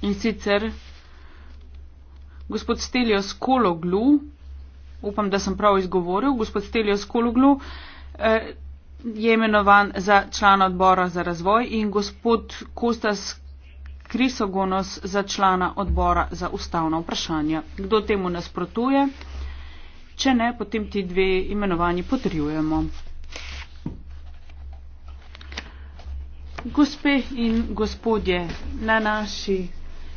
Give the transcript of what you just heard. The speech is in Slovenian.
In sicer gospod Stelio Skologlu, upam, da sem prav izgovoril, gospod Stelio Skologlu eh, je imenovan za člana odbora za razvoj in gospod Kostas Krisogonos za člana odbora za ustavna vprašanja. Kdo temu nasprotuje? Če ne, potem ti dve imenovanji potrjujemo. Gospe in gospodje, na naši